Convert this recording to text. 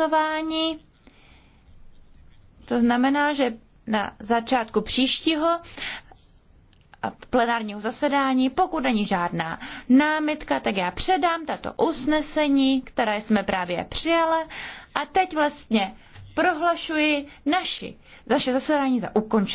hlasování. To znamená, že na začátku příštího plenárního zasedání, pokud není žádná námitka, tak já předám tato usnesení, které jsme právě přijali a teď vlastně prohlašuji naši, naše zasedání za ukončení.